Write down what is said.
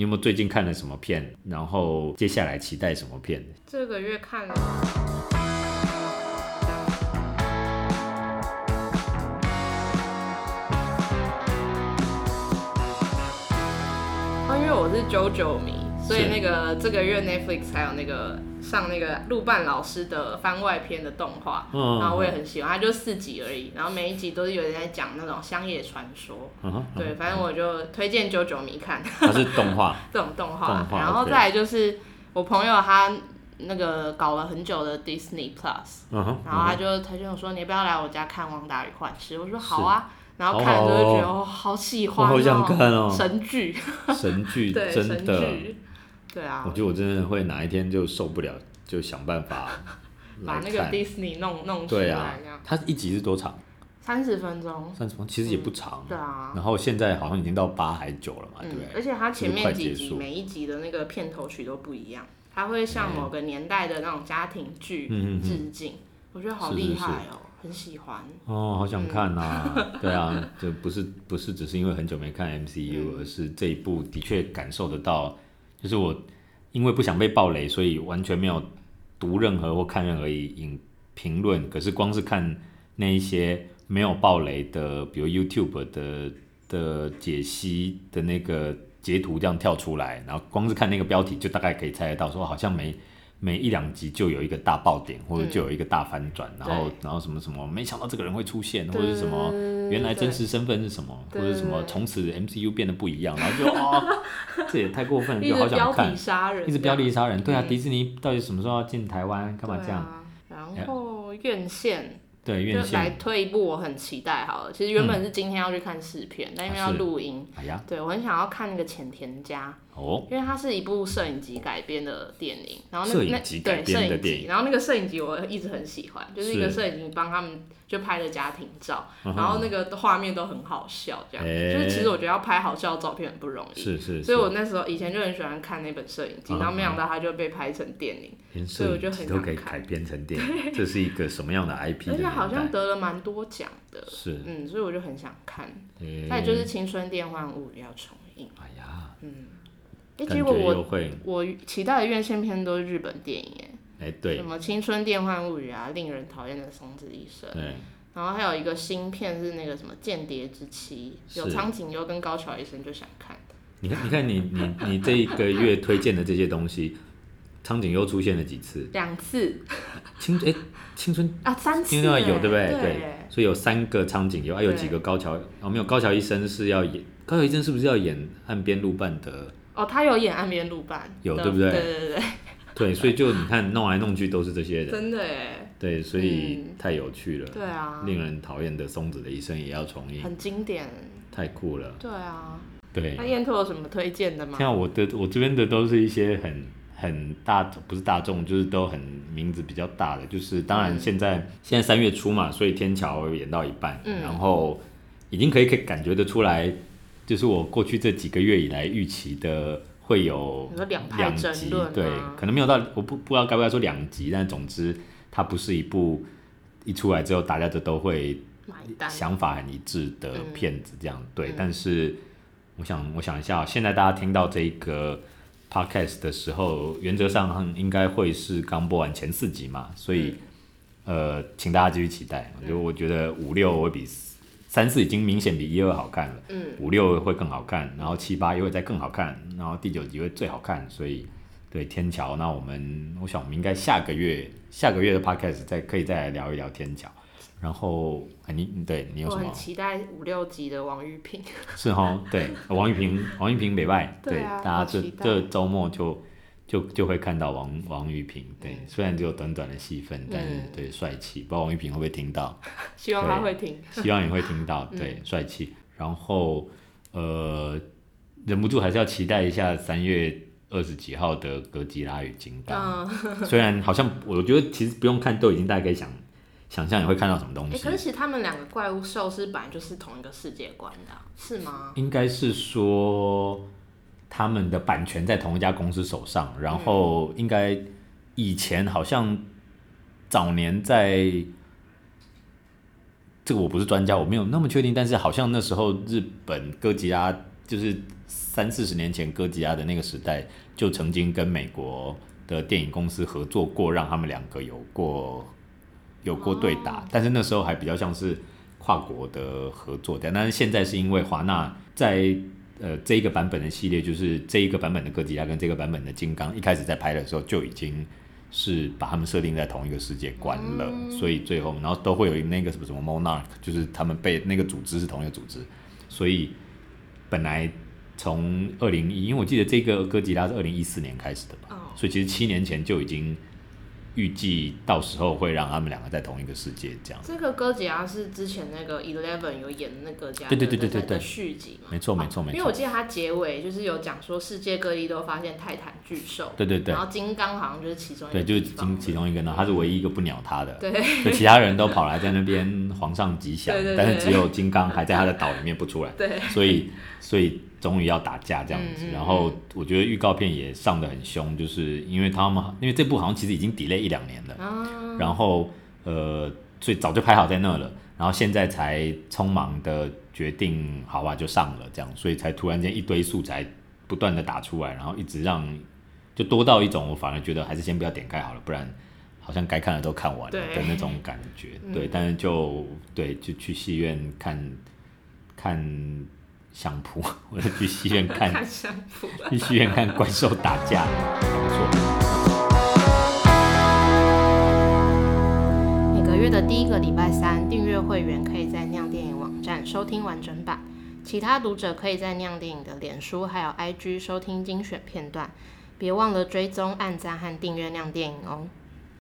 你有沒有最近看了什麼片？然後接下來期待什麼片？這個月看了，嗯啊、因為我是 JoJo 迷，所以那個這個月 Netflix 還有那個。上那個鹿伴老師的番外篇的動畫、嗯，然後我也很喜歡，它、嗯、就四集而已，然後每一集都是有人在講那種鄉野傳說。嗯、對、嗯，反正我就推薦九九迷看。它是動畫，這種動畫。然後再來就是我朋友他那個搞了很久的 Disney Plus，、嗯、然後他就他就說：“嗯、你不要來我家看《汪達幻視》。”我說：“好啊。”然後看的時候覺得哦，好喜歡哦、喔，神劇，神 劇，真的。神對啊，我覺得我真的會哪一天就受不了，嗯、就想辦法把那個 Disney 弄弄出來、啊。它一集是多長？三十分鐘。三十分鐘其實也不長、嗯。對啊。然後現在好像已經到八還九了嘛，嗯、對、啊、而且它前面幾集,、就是、幾集每一集的那個片頭曲都不一樣，它會向某個年代的那種家庭劇致敬，嗯、我覺得好厲害哦是是是，很喜歡。哦，好想看吶、啊嗯！對啊，就不是不是只是因為很久沒看 MCU，、嗯、而是這一部的確感受得到。就是我，因為不想被暴雷，所以完全沒有讀任何或看任何影評論。可是光是看那一些沒有暴雷的，比如 YouTube 的的解析的那個截圖這樣跳出來，然後光是看那個標題，就大概可以猜得到說好像沒。每一兩集就有一個大爆點，或者就有一個大反轉、嗯，然後然後什麼什麼，沒想到這個人會出現，或者什麼原來真實身份是什麼，或者什麼從此 MCU 變得不一樣，然後就哦， 這也太過分了，就好想看，一直標題殺人，一直標題殺人，對啊、嗯，迪士尼到底什麼時候要進台灣，幹嘛這樣？啊、然後院線，呃、對院線就來推一部，我很期待好了，其實原本是今天要去看試片，嗯、但因為要錄音，啊、哎呀，對我很想要看那個淺田家。因為它是一部攝影集改編的電影，然後那那個、對攝影集，然後那個攝影集我一直很喜歡，就是一個攝影集幫他們就拍的家庭照，然後那個畫面都很好笑，這樣、嗯，就是其實我覺得要拍好笑的照片很不容易，是是是，所以我那時候以前就很喜歡看那本攝影集、嗯，然後沒想到它就被拍成電影，所以我就很想看。這是一個什麼樣的 IP？而且好像得了蠻多獎的，是嗯，所以我就很想看。再、嗯嗯就，嗯、就是青春電幻物語要重映，哎呀，嗯。哎、欸，結果我我期待的院線片都是日本電影，哎、欸，對，什麼《青春電幻物語》啊、《令人討厭的松子的一生》，對，然後還有一個新片是那個什麼間諜《間諜之妻》，有蒼井優跟高橋一生，就想看。你看，你看你，你你你這一個月推薦的這些東西，蒼井優出現了幾次？兩次。青哎，青春啊三次，青春有對不對，對？對，所以有三個蒼井優，啊，有幾個高橋，我、哦、沒有，高橋一生是要演，高橋一生是不是要演岸邊露伴德？哦，他有演路有《岸邊露伴》有對不對？對對，對對對，所以就你看弄來弄去都是這些人， 真的哎。對，所以、嗯、太有趣了。對啊，令人討厭的松子的一生也要重演。很經典，太酷了。對啊，對。那燕拓有什麼推薦的嗎？像我的，我這邊的都是一些很很大，不是大眾，就是都很名字比較大的，就是當然現在、嗯、現在三月初嘛，所以天橋演到一半、嗯，然後已經可以可以感覺得出來。就是我過去這幾個月以來預期的會有兩集兩對，對，可能沒有到，我不不知道該不該說兩集，但總之它不是一部一出來之後大家就都會想法很一致的片子，這樣、嗯、對。但是我想我想一下、啊，現在大家聽到這個 podcast 的時候，原則上應該會是剛播完前四集嘛，所以、嗯、呃，請大家繼續期待。嗯、就我覺得五六會比三四已經明顯比一二好看了、嗯，五六會更好看，然後七八又會再更好看，然後第九集會最好看，所以對天橋，那我們我想我們應該下個月、嗯、下個月的 podcast 再可以再來聊一聊天橋，然後肯、啊、你、對你有什麼？我很期待五六集的王玉萍，是哦，對王玉萍，王玉萍北拜，對，大家這這周末就。就就會看到王王玉平，對、嗯，雖然只有短短的戲份，但是、嗯、對帥氣，不知道王玉平會不會聽到？希望他會聽，希望你會聽到，嗯、對，帥氣。然後呃，忍不住還是要期待一下三月二十幾號的《哥吉拉與金剛》。嗯，雖然好像我覺得其實不用看都已經大概想想象你會看到什麼東西。欸、可是其實他們兩個怪物獸是本來就是同一個世界觀的，是嗎？應該是說。他們的版權在同一家公司手上，然後應該以前好像早年在這個，我不是專家，我沒有那麼確定，但是好像那時候日本哥吉拉，就是三四十年前哥吉拉的那個時代，就曾經跟美國的電影公司合作過，讓他們兩個有過有過對打，但是那時候還比較像是跨國的合作，但是現在是因為華納在。呃，這一個版本的系列，就是這一個版本的哥吉拉跟這個版本的金剛，一開始在拍的時候就已經是把他們設定在同一個世界觀了。嗯，所以最後然後都會有那個什麼什麼 monarch，就是他們被那個組織是同一個組織，所以本來從二零一，因為我記得這個哥吉拉是二零一四年開始的嘛，所以其實七年前就已經。預計到時候會讓他們兩個在同一個世界這樣。這個哥吉拉是之前那個 Eleven 有演的那個加對對對對的續集，沒錯沒錯沒錯。因為我記得它結尾就是有講說世界各地都發現泰坦巨獸，對對對，然後金剛好像就是其中一個，對就是金其中一個呢，他是唯一一個不鳥他的，嗯、對，所以其他人都跑來在那邊皇上吉祥對對對對。但是只有金剛還在他的島裡面不出來，對，所以所以。終於要打架這樣子、嗯嗯，然後我覺得預告片也上得很兇，就是因為他們因為這部好像其實已經 delay 一兩年了，啊、然後呃所以早就拍好在那了，然後現在才匆忙的決定好吧，就上了這樣，所以才突然間一堆素材不斷的打出來，然後一直讓就多到一種我反而覺得還是先不要點開好了，不然好像該看的都看完了的那種感覺、嗯，對，但是就對就去戲院看看。相撲，我要去戲院看相撲， 去戲院看怪獸打架的工作。每個月的第一個禮拜三，訂閱會員可以在釀電影網站收聽完整版，其他讀者可以在釀電影的臉書還有 IG 收聽精選片段。別忘了追蹤、按讚和訂閱釀電影哦。